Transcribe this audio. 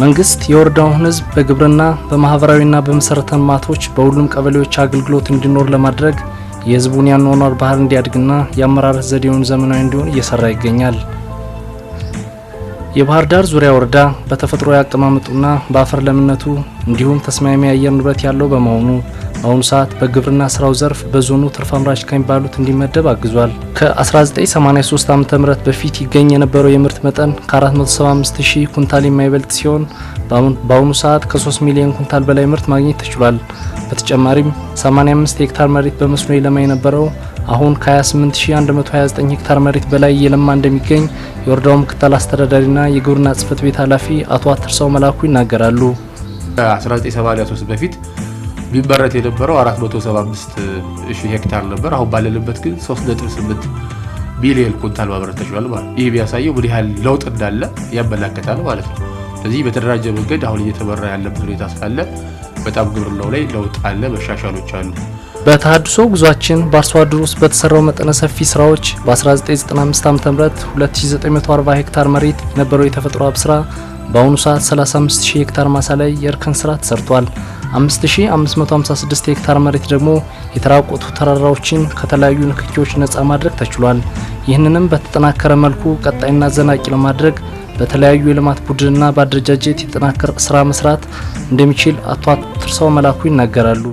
መንግስት የወረዳውን ህዝብ በግብርና በማህበራዊና በመሰረተ ልማቶች በሁሉም ቀበሌዎች አገልግሎት እንዲኖር ለማድረግ የህዝቡን ያኗኗር ባህል እንዲያድግና የአመራረት ዘዴውን ዘመናዊ እንዲሆን እየሰራ ይገኛል። የባህር ዳር ዙሪያ ወረዳ በተፈጥሮ ያቀማመጡና በአፈር ለምነቱ እንዲሁም ተስማሚ አየር ንብረት ያለው በመሆኑ በአሁኑ ሰዓት በግብርና ስራው ዘርፍ በዞኑ ትርፍ አምራች ከሚባሉት እንዲመደብ አግዟል። ከ1983 ዓ ም በፊት ይገኝ የነበረው የምርት መጠን ከ475 ሺህ ኩንታል የማይበልጥ ሲሆን በአሁኑ ሰዓት ከ3 ሚሊዮን ኩንታል በላይ ምርት ማግኘት ተችሏል። በተጨማሪም 85 ሄክታር መሬት በመስኖ ይለማ የነበረው አሁን ከ28129 ሄክታር መሬት በላይ እየለማ እንደሚገኝ የወረዳው ምክትል አስተዳዳሪና የግብርና ጽህፈት ቤት ኃላፊ አቶ አትርሰው መላኩ ይናገራሉ። ከ1973 በፊት ቢመረት የነበረው 475 ሺህ ሄክታር ነበር። አሁን ባለንበት ግን 3.8 ቢሊዮን ኩንታል ማምረት ተችሏል ማለት ይህ ቢያሳየው ምን ያህል ለውጥ እንዳለ ያመላከታል ማለት ነው። ስለዚህ በተደራጀ መንገድ አሁን እየተመራ ያለበት ሁኔታ ስላለ በጣም ግብርናው ላይ ለውጥ አለ፣ መሻሻሎች አሉ። በተሃድሶ ጉዟችን በአርሶ አደሩ ውስጥ በተሰራው መጠነ ሰፊ ስራዎች በ1995 ዓ ም 2940 ሄክታር መሬት የነበረው የተፈጥሮ ሀብት ስራ በአሁኑ ሰዓት 35000 ሄክታር ማሳ ላይ የእርከን ስራ ተሰርቷል። 5556 ሄክታር መሬት ደግሞ የተራቆቱ ተራራዎችን ከተለያዩ ንክኪዎች ነፃ ማድረግ ተችሏል። ይህንንም በተጠናከረ መልኩ ቀጣይና ዘናቂ ለማድረግ በተለያዩ የልማት ቡድንና በአደረጃጀት የጠናከረ ስራ መስራት እንደሚችል አቶ ትርሳው መላኩ ይናገራሉ።